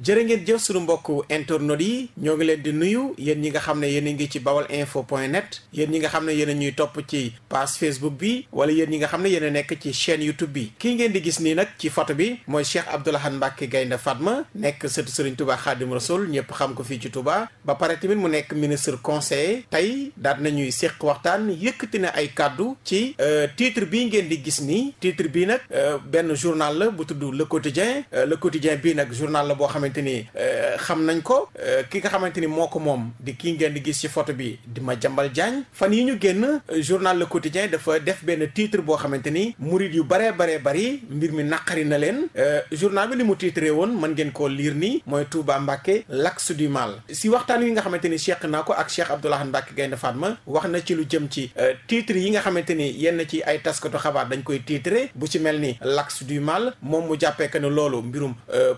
jërë ngeen jëf suñu mbokk internautes yi ñoo ngi leen di nuyu yéen ñi nga xam ne yéen a ngi ci bawal info point net yéen ñi nga xam ne yéen ñuy topp ci page Facebook bi wala yéen ñi nga xam ne yéen nekk ci chaîne YouTube bi kii ngeen di gis nii nag ci photo bi mooy Cheikh Abdoul Ahad Gaynde Fatma nekk sëtu Serigne Touba Khadim Rasoul ñëpp xam ko fii ci Touba ba pare tamit mu nekk ministre conseiller tey daal nañuy séq waxtaan yëkkati na ay kàddu ci euh, titre bii ngeen di gis nii titre bii nag euh, benn journal la bu tudd Le Quotidien euh, Le Quotidien bii nag journal la boo xam xamante euh, xam nañ ko euh, ki nga xamante ni moo ko moom di kii ngeen di gis ci photo bi di ma Madiambal Diagne fan yi ñu génn euh, journal la Le Quotidien dafa def benn titre boo xamante ni murid yu baree baree bari mbir mi naqari na leen journal bi li mu titré woon man ngeen koo liir ni mooy Touba Mbacké l'axe du mal si waxtaan wi nga xamante ni Cheikh naa ko ak Cheikh Abdoulaye Mbacké Gaynde ma wax na ci lu jëm ci titre yi nga xamante ni yenn ci ay taskatu xabaar dañ koy titré bu ci mel ni l'axe mal moom mu jàppee que ne loolu mbirum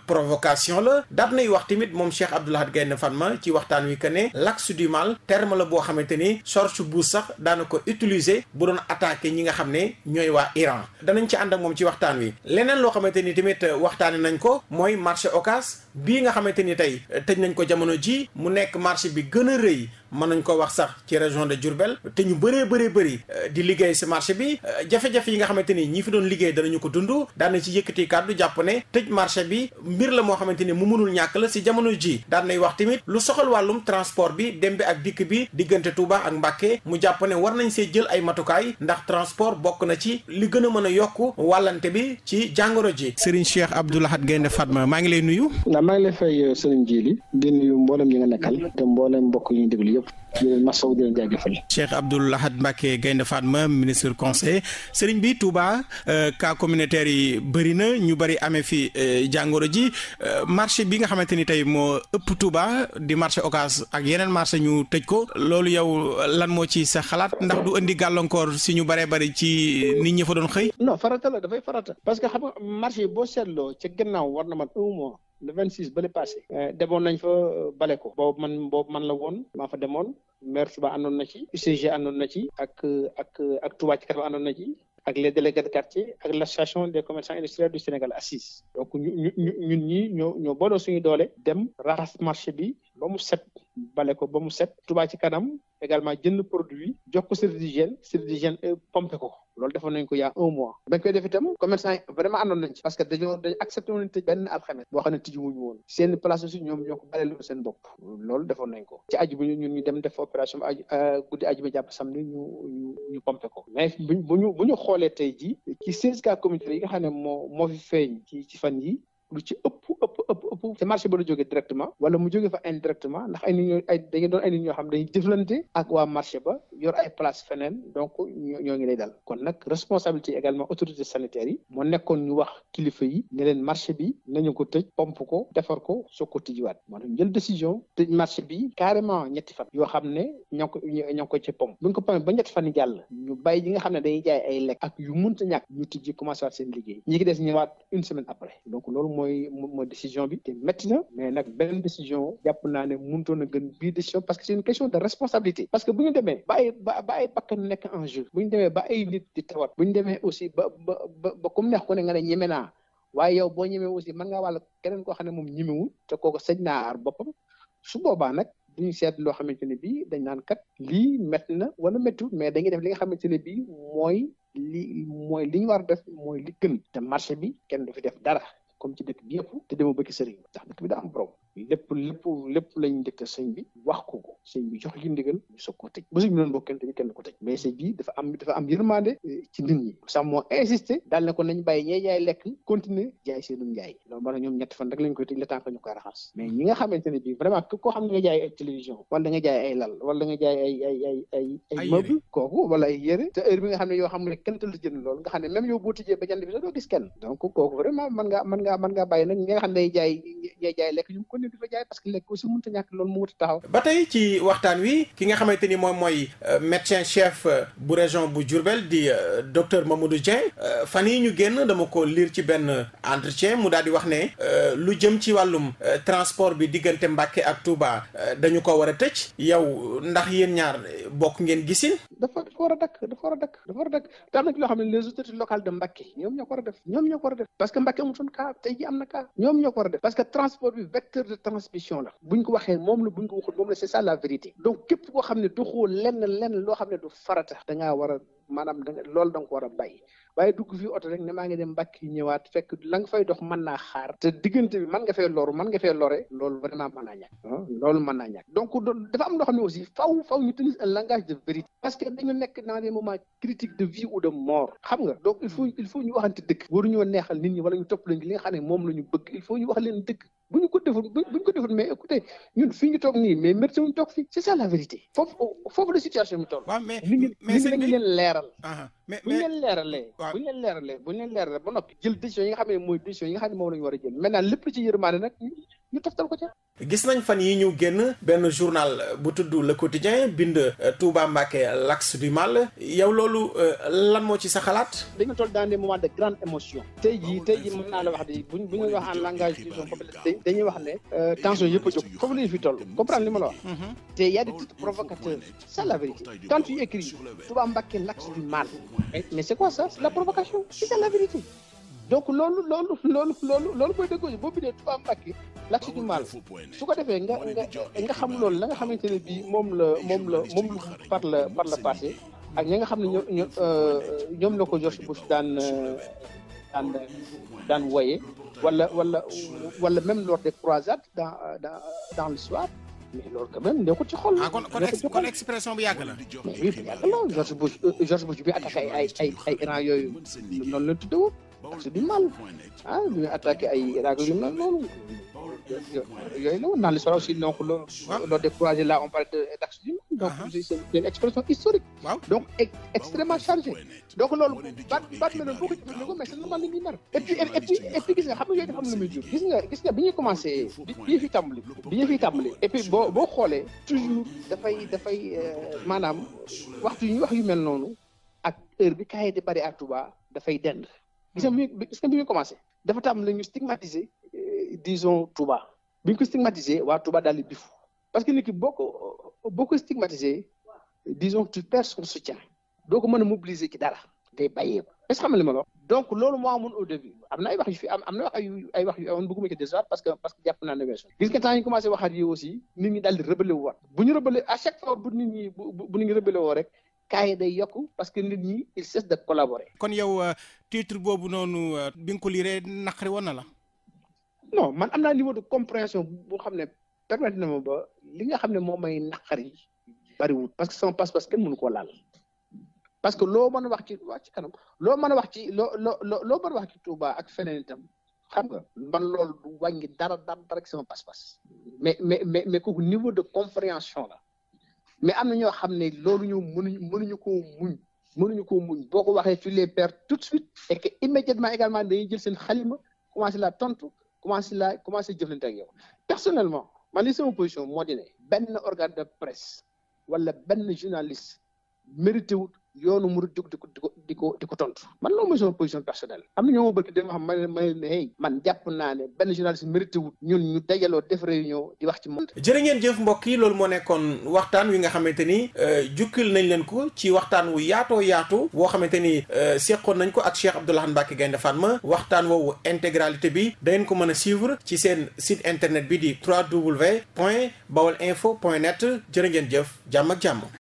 provocation la daat nay wax tamit moom Cheikh Abdou Lahad Gaïndé Fatma ci waxtaan wi que ne l'axe du mal terme la boo xamante ni George Bush sax daana ko utiliser bu doon attaqué ñi nga xam ne ñooy waa Iran danañ ci ànd ak moom ci waxtaan wi leneen loo xamante ni tamit waxtaane nañ ko mooy marché Ocass bii nga xamante ni tey tëj nañ ko jamono ji mu nekk marché bi gën a rëy mën nañ ko wax sax ci région de Diourbel te ñu bëree bëree bëri euh, di liggéey si marché bi euh, jafe-jafe yi nga xamante ni ñi fi doon liggéey danañu ko dund daan ci yëkkati kàddu jàpp ne tëj marché bi mbir la moo xamante ni mu mënul ñàkk la si jamono ji daan nay wax tamit lu soxal wàllum transport bi dem bi ak dikk bi diggante Touba ak Mbacké mu jàpp ne war nañ see jël ay matukaay ndax transport bokk na ci li gën a mën a yokk wàllante bi ci jàngoro ji. Serigne Cheikh Abdou Lahad Gaynde Fatma maa ngi lay nuyu. maa ngi lay fay euh, Serigne Djili di nuyu mboolem ñi nga nekkal te mboolem mbokk yi ñu déglu yëpp di leen masaw di leen jaajëfal. Cheikh Abdoul Lahad Mbacké Gaïndé Fatma ministre conseil sëriñ bi Touba euh, cas communautaire yi bëri na ñu bëri amee fi euh, jàngoro ji euh, marché bi nga xamante ni tey moo ëpp Touba di marché Ocass ak yeneen marché ñu tëj ko loolu yow lan moo ci sa xalaat ndax du indi gàllankoor si ñu bëree bëri ci nit ñi fa doon xëy. non farata la dafay farata. parce que xam nga marché boo seetloo ca gannaaw war na mat un mois le vingt six bële passé eh, demoon nañ fa euh, bale ko boobu man boobu man la woon maa fa demoon maire Touba àndoon na ci UCG àndoon na ci ak euh, ak euh, ak Touba ci kanam àndoon na ci ak les délégués de quartier ak l'association des commerçants industriels du Sénégal assise donc ñu ñu ñun ñi ñoo ñoo booloo suñu doole dem raxas marché bi ba mu set bale ko ba mu set tubaa ci kanam également jënd produit jox ko service d'hygiène service d'hygiène euh, pompé ko loolu un mois bañ def itam commerçant yi vraiment àndoon nañ ci parce boo xam ne woon seen place aussi ñoom ñoo ko baleelu seen bopp loolu defoon ci aju bu dem def opération aju euh, guddi aju ba jàpp samedi ñu mais buñ bu tey ji ci seize cas communautaires yi nga moo fi feeñ ci ci fan yi lu ci ëpp foofu te marché ba la jógee directement wala mu ndax ay nit ñoo ay dañu doon ay nit ñoo xam dañuy jëflante ak waa marché ba yor ay place feneen donc ñoo lay dal kon nag responsabilité également autorité sanitaire yi moo nekkoon ñu wax kilifa yi ne leen marché bi nañu ko tëj pomp ko defar ko soo ko tijjiwaat maanaam jël décision tëj marché bi carrément ñetti fan yoo xam ne ñoo ko ñoo ko ci pomp ko pompee ba ñetti fan yi jàll ñu bàyyi ñi nga xam ne dañuy jaay ay lekk ak yu mënta ñàkk ñu tijji commencé waat seen liggéey ñi ki des ñëwaat une semaine après donc loolu mooy te métti na mais nag beneen décision jàpp naa ne mënutoon a gën bii décision parce que c'est une question de responsabilité parce que bu ñu demee ba ay ba ba ay bakkan nekk en jeu bu ñu demee ba ay nit di tawat bu ñu demee aussi ba ba ba comme neex ko ne nga ne ñeme naa waaye yow boo ñemee aussi mën ngaa wàll keneen ko xam ne moom ñemewul te kooku sëñ na ar boppam su boobaa nag duñu seet loo xamante ne bii dañ naan kat lii métti na wala méttiwul mais dañuy def li nga xamante ne bii mooy li mooy li ñu war def mooy li te marché bi kenn du fi def dara comme ci dëkk bi yëpp te dama bëgg sëriñ bi ndax dëkk bi daa am lépp lépp lépp lañ njëkk bi wax ko ko bi jox am dafa am yërmande eh, ci nit ñi sax daal ne ko nañ bàyyi ñee jaay lekk wala da nga jaay te heure nga xam ne yoo xam nga xam ne même yow boo tijjee ba jënd bi sax doo donc kooku vraiment mën ngaa nga xam ne jaay ñee jaay ne du fa jaay parce que lekk aussi mënut a ba tey ci waxtaan wi ki nga xamante ni moom mooy euh, médecin chef euh, bu région bu Diourbel di euh, docteur Mamadou Dieng fan yi ñu génn dama ko liir ci benn entretien mu daal di wax ne lu jëm ci wàllum transport bi diggante mbakke ak Touba dañu ko war a tëj yow ndax yéen ñaar bokk ngeen gisin. dafa war a dakk dafa war a dakk dafa xam ne les autorités de Mbacké ñoom ñoo ko war a def ñoom ñoo ko war a def parce que Mbacké amutoon cas tey ji am na cas ñoom ñoo a def parce que transport vecteur de transmission la buñ ko waxee moom la buñ ko waxul moom la c'est ça la vérité donc képp koo xam ne doxoo lenn lenn loo xam ne du farata da ngaa war a maanaam da loolu da nga war a bàyyi waaye dugg fi oto rek ne maa ngi dem mbàkk yi ñëwaat fekk la nga fay dox mën naa xaar te diggante bi mën nga fee loru mën nga fee lore loolu vraiment mën naa ñàkk loolu mën naa ñàkk donc dafa am loo xam aussi faw faw ñu tenir un langage de vérité parce que dañu nekk dans des moments critiques de vie ou de mort xam nga donc il faut il faut ñu waxante dëgg waruñoo neexal nit ñi wala ñu topp lañ li nga xam ne moom ñu bëgg il faut ñu wax leen dëgg bu ñu ko deful bu ñu ko deful mais écoutez ñun fii ñu toog nii mais merci ñu toog fii c'est ça la vérité foofu foofu la situation bi toll. waaw mais mais sëñ bi leen leeral. Ah, ah, mais bu ñu leen leeralee. waaw bu ñu leen leeralee bu ñu leen leeralee ba noppi jël décision yi nga xam ne mooy décision yi nga xam ne moom la ñu war a jël maintenant lépp ci yërmande nag. ñu teftal ko ca. gis nañ fan yi ñu génn benn journal bu tudd Le Quotidien bind euh, Touba Mbacké l'axe du mal yow loolu euh, lan moo ci sa xalaat. dañu toll dans des de grande émotion. tey jii tey jii mën naa la wax de buñ wax en langage du son dañuy wax euh, a jóg foofu la ñu fi toll comprendre li ma la wax. Mhm. te y a des titres provocateurs c'est la vérité quand tu écris Touba Mbacké l'axe du mal mais c'est quoi ça la provocation c'est ça la vérité donc loolu loolu loolu loolu loolu mooy dëggoo boo bindee Touba Mbacké l'action du mal su ko defee nga nga nga xam lool la nga xamante ne bii moom la moom la moom par la par la passé ak ñi nga xam ne ñoo euh, ñoom la ko George Bush daan euh, daan euh, daan woye wala wala wala même lors des croisades dans dans dans l'histoire mais loolu quand même nekkul ci xol. Ah, nekkul kon expression bu yàgg la. mais oui bu yàgg la George Bush George Bush bi attaqué ay ay ay Iran yooyu noonu la ñu tuddewoon. action du mal ah ñu attaqué ay Irak yu mel noonu. yooyu la woon naan l'histoire aussi donc loo loo découragé là on parle de d'action du monde donc uh-huh. c'est une expression historique donc extrêmement chargée donc loolu baat baat boo gis nga xam nga yooyu dafa am lu fi tàmbali bi ñu fi tàmbali et puis boo xoolee toujours dafay dafay euh, maanaam waxtu yu ñu wax yu mel noonu ak heure bi kaay di bari a Touba dafay dend gis nga bi ñu commencé dafa tàmbali ñu stigmatiser disons Touba bi stigmatisé waa Touba daal di bifu parce que nit ki boo ko boo ko stigmatisé disons tu perds son soutien doo ko mën a ci dara day bàyyee ko est que xam nga donc loolu moo amoon au début am na ay fi am na wax yu ay wax yu amoon bëgguma ko décevoir parce que parce que jàpp naa ne weesu gis nga temps ñu aussi nit ñi daal di rebelle à chaque fois bu nit rek kaay yi yokk parce que nit ñi il cesse de collaborer. kon yow euh, titre boobu noonu euh, bi nga ko liiree naqari woon na non man am naa niveau de compréhension boo xam ne permettre na ma ba li nga xam ne moom may naqari bariwul parce que sama passe-passe kenn munu koo laal parce que loo mën a wax ci wax ci kanam loo mën a wax ci loo loo loo mën a wax ci Touba ak feneen itam xam nga man loolu du wàññi dara dara dara ci sama passe-passe mais mais mais mais kooku niveau de compréhension la mais am na ñoo xam ne loolu ñu mënuñu mënuñu koo muñ mënuñu koo muñ boo ko waxee tu les perds tout de suite et que immédiatement également dañuy jël seen xalima commencé la tontu. commencé laa commencé jëflante ak yow personnellement man li sama position moo di ne benn organe de presse wala benn journaliste mérité wut yoonu mu jóg di ko di ko di ko di ko tontu man loolu mooy sama position personnelle am na ñoo ma bëgg dem xam ma ne ma ne hey man jàpp naa ne benn journaliste mérité wut ñun ñu dajaloo def réunion di wax ci moom. jërë ngeen jëf mbokk yi loolu moo nekkoon waxtaan wi nga xamante ni euh, jukkil nañ leen ko ci waxtaan wu yaatoo yaatu woo xamante ni euh, seqoon nañ ko ak Cheikh Abdou Lahad Mbacké Gaïndé Fatma waxtaan woowu intégralité bi dangeen ko mën a suivre ci seen site internet bi di 3w point bawal info net jërë jëf jàmm ak